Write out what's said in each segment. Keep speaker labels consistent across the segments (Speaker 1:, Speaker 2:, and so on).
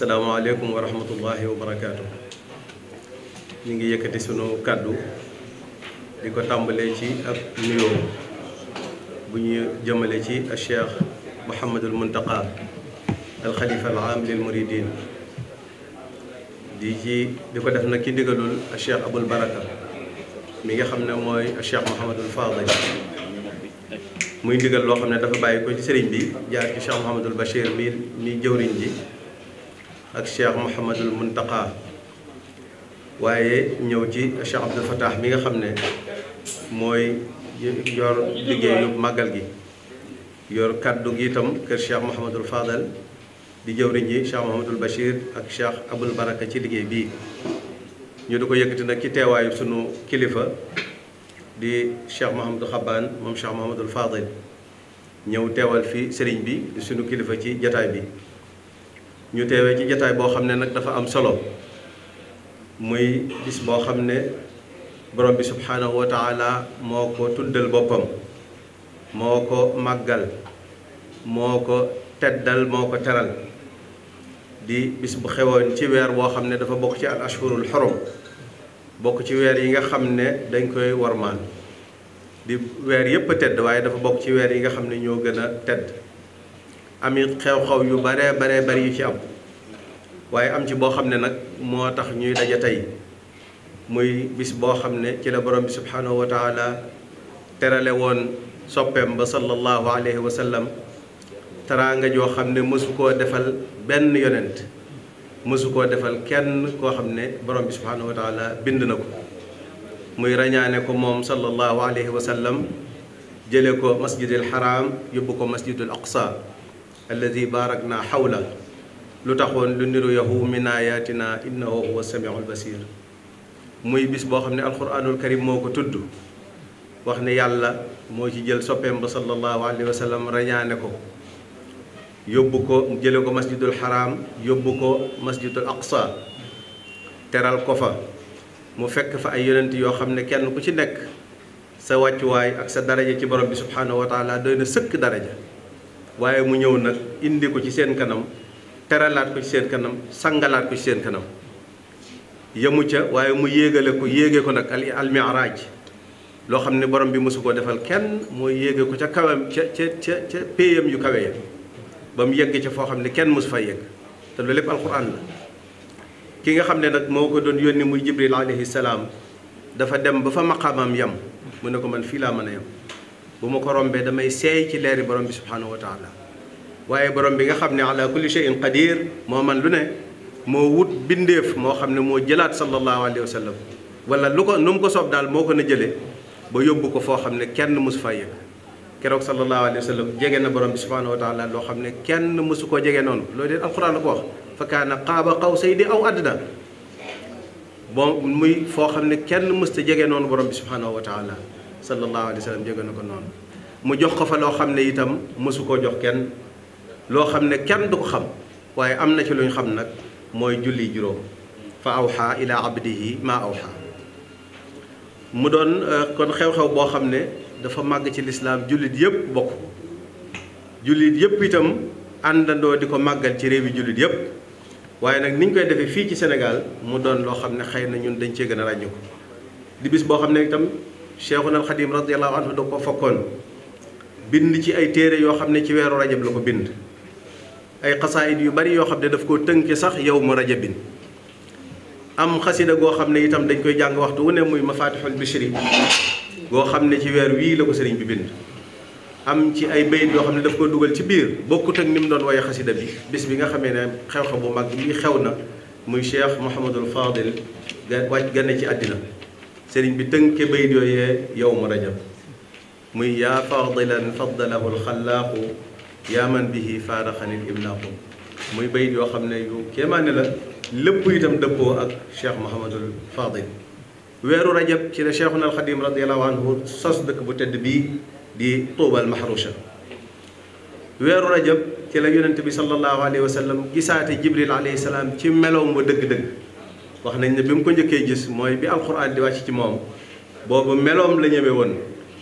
Speaker 1: asalaamaaleykum wa rahmatullahi wa barakaatu. ñu ngi yëkkati sunu kàddu di ko tàmbalee ci ab nuyoo bu ñu jëmale ci Cheikh Mouhamadul Muntaqa al xalifa al aam lil muridin di ci di def nag ci ndigalul Cheikh Abul Baraka mi nga xam ne mooy Cheikh Mouhamadul Fadil muy ndigal loo xam ne dafa bàyyi ko ci sëriñ bi jaar ci Cheikh Mouhamadul Bachir mi mi jëwriñ ji ak cheikh Mouhamadul Muntaqa waaye ñëw ci cheikh Abdul Fattah mi nga xam ne mooy yor liggéeyu màggal gi yor kàddu gi itam kër cheikh Mouhamadul Fadal di jëw jëwriñ ji cheikh Mouhamadul Bachir ak cheikh Abul Baraka ci liggéey bi ñu di ko yëkkati nag ci teewaayu sunu kilifa di cheikh Mouhamadul Xabaan moom cheikh Mouhamadul Fadal ñëw teewal fi sëriñ bi di sunu kilifa ci jataay bi. ñu teewee ci jataay boo xam ne nag dafa am solo muy bis boo xam ne borom bi subhaanahu wa moo ko tuddal boppam moo ko màggal moo ko teddal moo ko teral di bis bu xewoon ci weer boo xam ne dafa bokk ci al ashhurul xorom bokk ci weer yi nga xam ne dañ koy warmaan di weer yépp tedd waaye dafa bokk ci weer yi nga xam ne ñoo gën a tedd amit xew-xew yu bare baree bari yu ci am waaye am ci boo xam ne nag moo tax ñuy daje tey muy bis boo xam ne ci la borom bi subhanahu wa taala terale woon soppeem ba sallallahu alayhi wa sallam teraanga joo xam ne mësu koo defal benn yonent mësu koo defal kenn koo xam ne borom bi subhanahu wa bind na ko muy ràññaane ko moom sallallahu alayhi wa sallam jële ko masjidil haram yóbbu ko masjidul aqsa alladi baarak naa xawla lu taxoon lu niru yahu min ayatina innahu huwa samiul basir muy bis boo xam ne alquranul karim moo ko tudd wax ne yàlla moo ci jël soppeem ba sallallahu alayhi wa sallam rañaane ko yóbbu ko jële ko masjidul haram yóbbu ko masjidul aqsa teral ko fa mu fekk fa ay yonent yoo xam ne kenn ku ci nekk sa wàccuwaay ak sa daraja ci borom bi subhanahu wa doy na sëkk daraja waaye mu ñëw nag indi ko ci seen kanam teralaat ko ci seen kanam sangalaat ko ci seen kanam yamu ca waaye mu yéegale ko yéege ko nag al miraaj loo xam ne borom bi mosu koo defal kenn moo yéege ko ca kawam ca ca ca ca péyam yu kawe ya ba mu yegg ca foo xam ne kenn mosu fa yegg te loolu lépp alquran la ki nga xam ne nag moo ko doon yónni muy jibril alayhi salaam dafa dem ba fa maqamam yam mu ne ko man fii laa mën a yam bu ma ko rombee damay seey ci leeri borom bi subhaanahu wa taala waaye borom bi nga xam ne ala kulli shay'in qadir moo man lu ne moo wut bindeef moo xam ne moo jëlaat sallallahu alayhi wa sallam wala lu ko nu mu ko soob daal moo ko na jëlee ba yóbbu ko foo xam ne kenn mosu faa yëg keroog sallallahu alayhi wa sallam jege na borom bi subhaanahu wa taala loo xam ne kenn mosu koo jege noonu loolu de alxuraan la ko wax xaaba xaw qaaba di aw adnaa bon muy foo xam ne kenn mës ta jege noonu borom bi subhaanahu wa taala sallallahu alayhi wa sallam jege na ko noonu mu jox ko fa loo xam ne itam mosu koo jox kenn loo xam ne kenn du ko xam waaye am na ci lu ñu xam nag mooy julli juróom fa aw awxa ila abdihi ma awxa mu doon euh, kon xew-xew boo xam ne dafa màgg ci lislaam jullit yëpp bokk jullit yëpp itam àndandoo di ko màggal ci réew yi jullit yëpp waaye nag ni ñu koy defee fii ci Sénégal mu doon loo xam ne xëy na ñun dañ cee gën a ràññu ko di bis boo xam ne itam cheikhuna alxadim radiallahu anhu da ko fokkoon bind ci ay téere yoo xam ne ci weeru bi la ko bind ay xasaayit yu bari yoo xam ne daf koo tënke sax yow mu rajabin am xasida goo xam ne itam dañ koy jàng waxtu wu ne muy mafatixul bishri goo xam ne ci weer wii la ko sëriñ bind am ci ay bayit yoo xam ne daf ko dugal ci biir bokkut ak ni mu doon woye xasida bi bis bi nga xamee ne xew-xew bu mag bi xew na muy cheikh Mouhamadul Fadil ga wàcc gane ci àddina sëriñ bi tënke bayit yooyee yow mu rajab muy yaa fadilan faddalahu alxalaaqu yaa man bihi faaraxanil imlaaqu muy bayit yoo xam ne yu kéemaane la lépp itam dëppoo ak cheikh Mouhamadul Fadil weeru rajab ci la cheikhuna alxadim radiallahu anhu sos dëkk bu tedd bii di tuubal mahrusha weeru rajab ci la yonent bi sallallahu alayhi wa sallam gisaate jibril alayhi salaam ci meloom ba dëgg-dëgg wax nañ ne bi mu ko njëkkee gis mooy bi alxuraan di wàcc ci moom boobu meloom la ñeme woon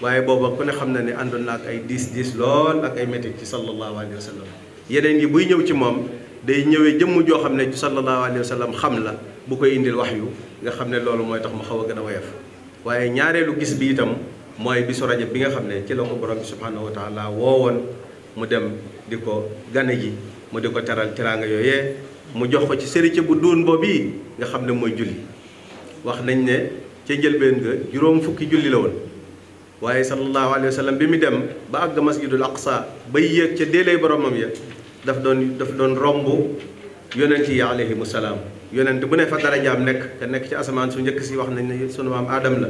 Speaker 1: waaye booba ku ne xam na ne àndoon na ak ay diis diis lool ak ay métti ci sallallahu alayhi wa sallam yeneen yi buy ñëw ci moom day ñëwee jëmm joo xam ne ci sallallahu alayhi wa sallam xam la bu ko indil wax yu nga xam ne loolu mooy tax mu xaw a gën a woyof waaye ñaareelu gis bi itam mooy su rajab bi nga xam ne ci la ko borom bi subhanahu wa woo woon mu dem di ko gane ji mu di ko teral teraanga yooyee mu jox ko ci sëriñ bu duun boobu yi nga xam ne mooy julli wax nañ ne ca njëlbeen ga juróom fukki julli la woon waaye sallallahu alayhi wa sallam bi mu dem ba àgg masjidul aqsa bay yéeg ca déelay boromam ya daf doon daf doon romb yonent yi alayhimu salaam yonent bu ne fa darajaam nekk te nekk ci asamaan su njëkk si wax nañ ne sunu maam aadam la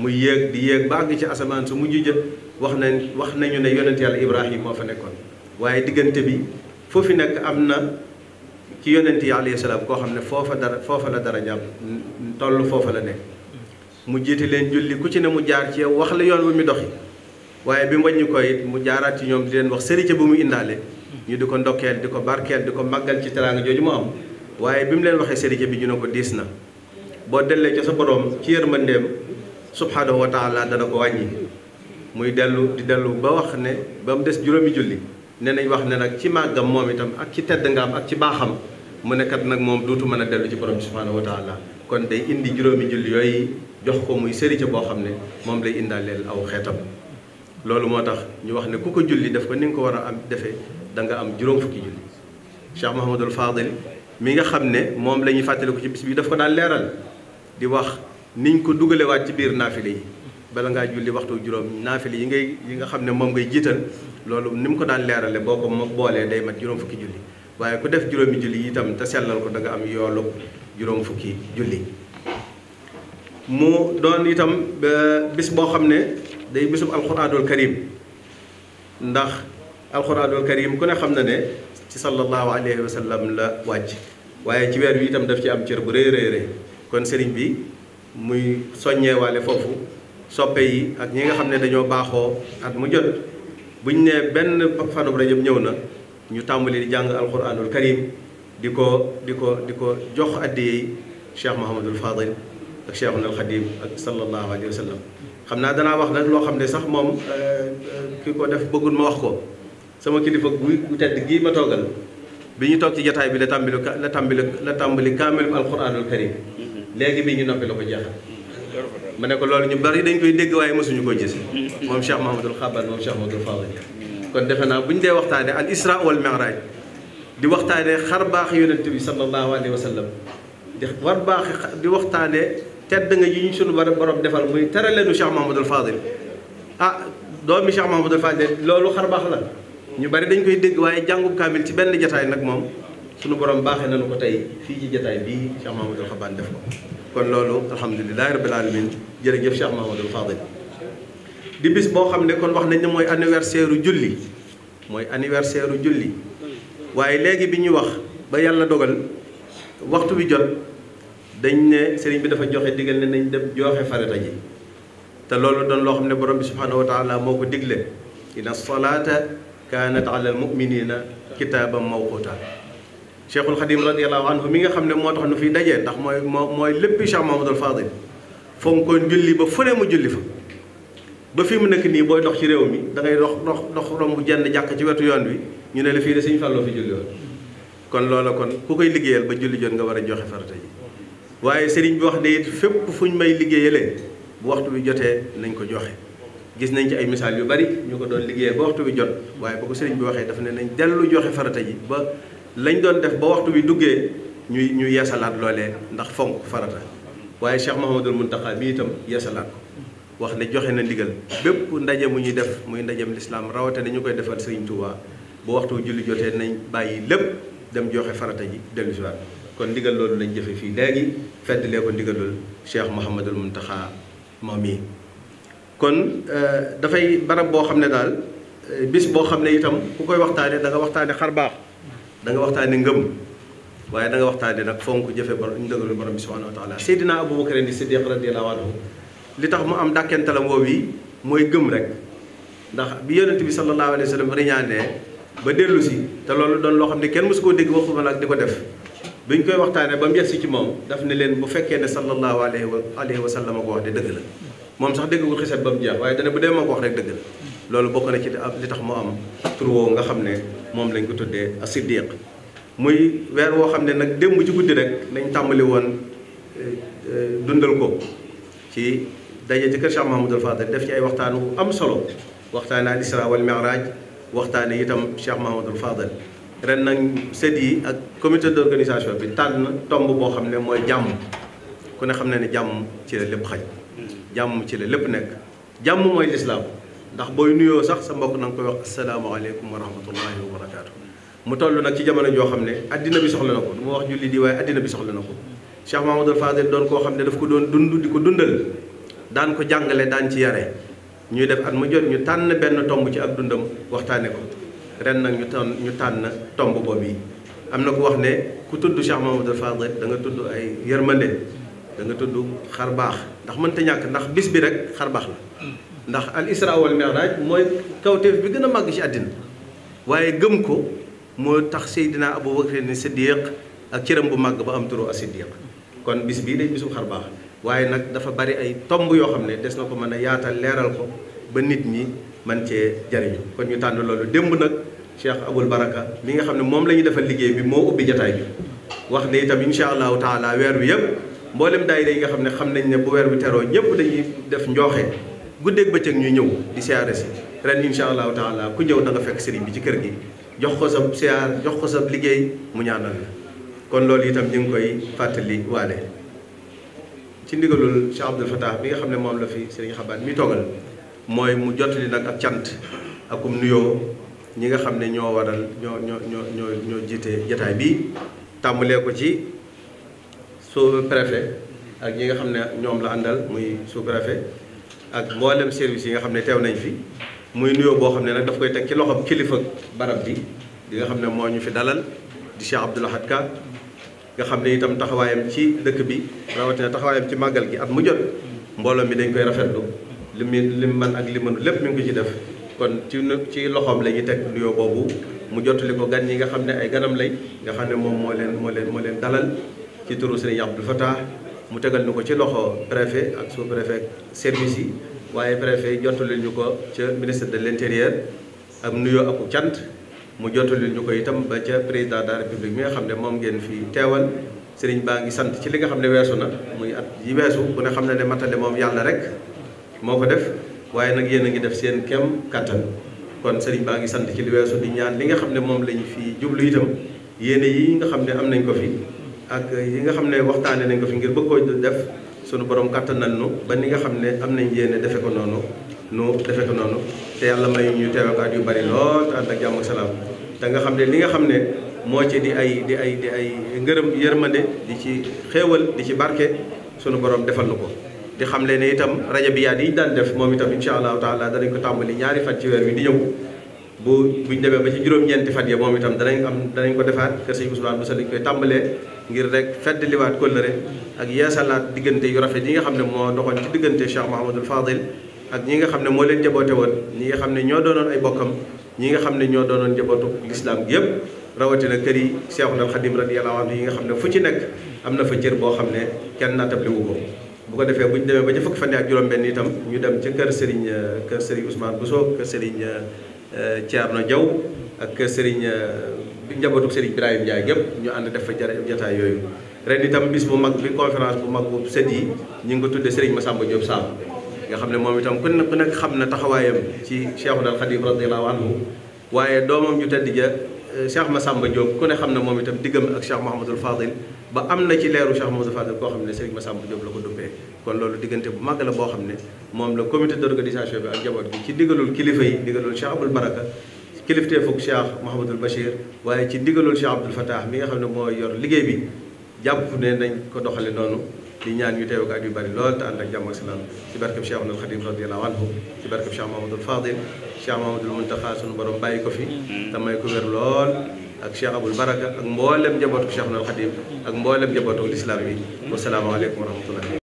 Speaker 1: mu yéeg di yéeg ba àgg ci asamaan su mujj jë wax nañ wax nañu ne yonent yàlla ibrahim moo fa nekkoon waaye diggante bi foofu ci yonent yi alayhi salaam koo xam ne foofa dara foofa la dara jàpp toll foofa la nekk mu jiite leen julli ku ci ne mu jaar ci wax la yoon wu mu doxi waaye bi mu wàññi ko mu jaaraat ci ñoom di leen wax sërite bu mu indaale ñu di ko ndokkeel di ko barkeel di ko màggal ci teraanga jooju mu am waaye bi mu leen waxee sërite bi ñu ne ko diis na boo dellee ca sa borom ci yërmandeem subhaanahu wa taala dana ko wàññi muy dellu di dellu ba wax ne ba mu des juróomi julli ne nañ wax ne nag ci màggam moom itam ak ci tedd nga am ak ci baaxam mu ne kat nag moom duutu mën a dellu ci borom subhaanahu wa taala kon day indi juróomi julli yooyu jox ko muy sëriñ boo xam ne moom lay indaaleel aw xeetam. loolu moo tax ñu wax ne ku ko julli def ko ni ko war a am defee da nga am juróom fukki julli Cheikh Mouhamadul Fadil nga xam ne moom la ñuy fàttaliku ci bis bi daf ko daan leeral di wax niñ ko dugalewaat ci biir naafile yi bala ngaa julli waxtu juróom naafile yi ngay yi nga xam ne moom ngay jiital. loolu ni mu ko daan leerale boo ko ma boolee day mat juróom fukki julli waaye ku def juróomi julli itam te sellal ko danga am yoolu juróom fukki julli mu doon itam bis boo xam ne day bisub alxuraanul karim ndax alxuraanul karim ku ne xam na ne ci sallallahu alayhi wa la wàcc waaye ci weer wi itam daf ci am cër bu rëy rëy kon sëriñ bi muy soññeewaale foofu soppe yi ak ñi nga xam ne dañoo baaxoo at mu jot bu ñu nee benn fanub rajab ñëw na ñu tàmbali di jàng alquranul karim di ko di ko di ko jox addiyeey cheikh Mouhamadul Fadil ak cheikhul Xadim ak sallallahu alayhi wa xam naa danaa wax nag loo xam ne sax moom euh, euh, ki ko def bëggul ma wax ko sama kilifa guy gu tedd gii ma toogal bi ñu toog ci jataay bi la tàmbali la tàmbali la tàmbali kaamil mm-hmm. léegi mi ñu noppi la ko jeexal. Mm-hmm. ma ne ko loolu ñu bari dañ koy dégg waaye mosuñu ko gis moom Cheikh Mahamadul Xaban moom Cheikh Mahamadul Fawal kon defe naa bu ñu dee waxtaane al isra wal miraaj di waxtaane xar baax yonent bi sallallahu alayhi wa sallam di war baax di waxtaane tedd nga yi ñu sunu borom defal muy tere leenu Cheikh Mahamadul Fadil ah doomi Cheikh Mahamadul Fadil loolu xar baax la ñu bari dañ koy dégg waaye jàngu kaamil ci benn jataay nag moom sunu borom baaxee nañu ko tey fii ci jataay bii Cheikh Mahamadul Xaban def ko kon loolu alhamdulilahi rabbil alamin jërëjëf Cheikh Mahamadul Fadil di bis boo xam ne kon wax nañ ne mooy anniversaire u julli mooy anniversaire u julli waaye léegi bi ñuy wax ba yàlla dogal waxtu bi jot dañ ne sëriñ bi dafa joxe digal ne nañ dem joxe farata ji te loolu doon loo xam ne borom bi subhaanahu wa taala moo ko digle inna salaata kaanat na almuminina kitaaban mawquta cheikhul xadim radiallahu anhu mi nga xam ne moo tax nu fiy dajee ndax mooy moo mooy lépp cheikh mahamadul fadil fonkoon julli ba fu ne julli fa ba fi mu nekk nii booy dox ci réew mi da ngay dox dox dox romb jenn jàkk ci wetu yoon wi ñu ne la fii de sëñ Fallou fi julli kon loola kon ku koy liggéeyal ba julli jot nga war a joxe farata yi sëriñ bi wax de it fépp fuñ may liggéeyalee bu waxtu jotee nañ ko joxe gis nañ ci ay misaal yu bari ñu ko doon liggéeyee ba bi jot waaye ba ko bi waxee dafa ne nañ dellu joxe farata yi ba lañ doon def ba waxtu bi duggee ñuy ñu yeesalaat loolee ndax fonk farata waaye Cheikh Mouhamadul Mountakha bi itam yeesalaat wax ne joxe na ndigal bépp ndaje mu ñuy def muy ndajem lislaam rawate dañu koy defal Sëriñ Tuubaa bu waxtu julli jotee nañ bàyyi lépp dem joxe farata ji dellu si kon ndigal loolu lañ jëfe fii léegi feddalee ko ndigalul Cheikh Mouhamadul Mountakha moom yi kon euh, dafay barab boo xam ne daal euh, bis boo xam ne itam ku koy waxtaane da nga waxtaane xar baax da nga waxtaane ngëm waaye da nga waxtaane nag fonk jëfe borom ndëgalu borom bi subhanahu wa taala seydina aboubacar ni siddiq radiallahu anhu li tax mu am dàkkentelam woow yi mooy gëm rek ndax bi yonent bi sallallahu alayhi wa sallam riñaanee ba dellu si te loolu doon loo xam ne kenn mosu koo dégg waxuma nag di ko def koy waxtaanee ba mu yegsi ci moom daf ne leen bu fekkee ne sallallahu alayhi wa wa sallam ko wax de dëgg la sax dégg ko xisat ba mu jeex waaye dana bu dee moo ko wax rek dëgg la loolu bokk na ci li tax mu am tur woowu nga xam ne moom lañ ko tuddee as-siddiq muy weer woo xam ne nag démb ci guddi rek lañ tàmbali woon eh, eh, dundal ko ci daje ci kër Cheikh Mahamadul Fadal def ci ay waxtaan wu am solo waxtaane al isra wal mi'raj waxtaane itam Cheikh Mahamadul Fadal ren nag sët yi ak comité d'organisation bi tànn tomb boo xam ne mooy jàmm ku ne xam ne ne jàmm ci la lépp xaj hmm. jàmm ci la lépp nekk jàmm mooy lislaam ndax booy nuyoo sax sa mbokk na nga koy wax asalaamaaleykum wa rahmatullahi wa barakaatu. mu tollu nag ci jamono joo xam ne àddina bi soxla na ko du wax julli di waaye addina bi soxla na ko Cheikh Mahamadul Fadel doon koo xam ne daf ko doon dund di ko dundal daan ko jàngale daan ci yare ñuy def at mu jot ñu tànn benn tomb ci ak dundam waxtaane ko ren nag ñu tànn ñu tànn tomb boobu yi am na ku wax ne ku tudd Cheikh Mahamadul Fadel da nga tudd ay yërmande da nga tudd xar baax ndax mënta ñàkk ndax bis bi rek xar baax la ndax al isra wal miraaj mooy kawteef bi gën a màgg ci àddina waaye gëm ko moo tax seydina abubakar ni siddiq ak cëram bu màgg ba am turu as-siddiq kon bis bii day bisu xar baax waaye nag dafa bari ay tomb yoo xam ne des na ko mën a yaatal leeral ko ba nit ñi man cee jariñu kon ñu tànn loolu démb nag Cheikh Abul Baraka bi nga xam ne moom la ñu defal liggéey bi moo ubbi jataay bi wax ne itam insha allahu taala weer bi yëpp mboolem daay yi nga xam ne xam nañ ne bu weer bi teroo ñëpp dañuy def guddeeg bëccëg ñuy ñëw di siyaare si ren incha allahu taala ku ñëw da nga fekk sëriñ bi ci kër gi jox ko sa siyaar jox ko sa liggéey mu ñaanal kon loolu itam ñu ngi koy fàttali waale ci ndigalul Cheikh Abdoul Fatah bi nga xam ne moom la fi seriñ xabaat mi toogal mooy mu jot li nag ak cant akum nuyoo ñi nga xam ne ñoo waral ñoo ñoo ñoo ñoo jiite jataay bi tàmbalee ko ci sous-préfet ak ñi nga xam ne ñoom la àndal muy sous-préfet ak mboolem service yi nga xam ne teew nañ fi muy nuyoo boo xam ne nag daf koy teg ci loxoom kilifa barab bi di nga xam ne moo ñu fi dalal di Cheikh Abdou Ka nga xam ne itam taxawaayam ci dëkk bi rawatina taxawaayam ci màggal gi at mu jot mbooloo mi dañ koy rafetlu li mu li mu mën ak li mënu lépp mi ngi ci def kon ci ci loxoom la teg nuyoo boobu mu jottali ko gan yi nga xam ne ay ganam lay nga xam ne moom moo leen moo leen moo leen dalal ci turu Serigne Abdou Fatah mu tegal ñu ko ci loxo préfet ak sous préfet service yi waaye préfet jottali ñu ko ca ministre de l' intérieur am nuyoo aku cant mu lu ñu ko itam ba ca président de république mi nga xam ne moom ngeen fi teewal sëriñ baa ngi sant ci li nga xam ne weesu na muy at yi weesu bu ne xam ne ne matale moom yàlla rek moo ko def waaye nag yéen a ngi def seen kem kattan kon sëriñ baa ngi sant ci li weesu di ñaan li nga xam ne moom lañ fi jublu itam yéene yi nga xam ne am nañ ko fi ak yi nga xam ne waxtaane nañ ko fi ngir bëgg koo def sunu borom kàttan nañ nu ba ni nga xam ne am nañ yéene defe ko noonu nu defe ko noonu te yàlla may ñu teewe ko yu bari lool te ànd ak jàmm ak salaam te nga xam ne li nga xam ne moo ci di ay di ay di ay ngërëm yërmande di ci xéewal di ci barke sunu borom defal nu ko di xam ne ni itam rajo bi yaa di daan def moom itam incha allahu taala danañ ko tàmbali ñaari fan ci weer wi di yow bu buñ demee ba ci juróom-ñeenti fan ya moom itam danañ am danañ ko defaat kër sëñ Ousmane ngir rek fedd liwaat kóllëre ak yeesalaat diggante yu rafet yi nga xam ne moo doxoon ci diggante Cheikh Mahamadul Fadil ak ñi nga xam ne moo leen jaboote woon ñi nga xam ne ñoo doonoon ay bokkam ñi nga xam ne ñoo doonoon jabootu lislaam gi yëpp rawatina kër yi Cheikhul Khadim radiyallahu anhu yi nga xam ne fu ci nekk am na fa cër boo xam ne kenn nattable wu ko bu ko defee bu ñu demee ba ci fukki fan ak juróom-benn itam ñu dem ca kër Serigne kër Serigne Ousmane Bousso kër Serigne euh, Thierno Diaw ak kër Serigne euh, njabootu Serigne Ibrahima Ndiaye gépp ñu ànd def fa jare jataay yooyu ren itam bis bu mag bi conférence bu mag bu set yi ñu ngi ko tuddee Serigne Massamba Diop Sam nga xam ne moom itam ku ne ku nekk xam na taxawaayam ci Cheikhul Khadim radiyallahu anhu waaye doomam ju tedd ja ma euh, Massamba Diop ku ne xam na moom itam diggam ak Cheikh Mouhamadul Fadil ba am na ci leeru Cheikh Mouhamadul Fadil koo xam ne ma Massamba Diop la ko duppee kon loolu diggante bu mag la boo xam ne moom la comité d'organisation bi ak njaboot bi ci digalul kilifa yi digalul Cheikh Abdoul Baraka kilifteefug Cheikh Mouhamadul Bachir waaye ci ndigalul Cheikh Abdoul Fattah mi nga xam ne moo yor liggéey bi jàpp ne nañ ko doxale noonu di ñaan ñu teew ko at yu bari lool te ànd ak jàmm ak salaam ci barkeb Cheikh Ahmadul Khadim radiyallahu anhu ci barkeb Cheikh Mouhamadul Fadil Cheikh Mouhamadul Muntaxa sunu borom bàyyi ko fi te may ko lool ak Cheikh Abul Baraka ak mboolem njabootu Cheikh Ahmadul Khadim ak mboolem njabootu lislaam yi wasalaamaaleykum wa rahmatullahi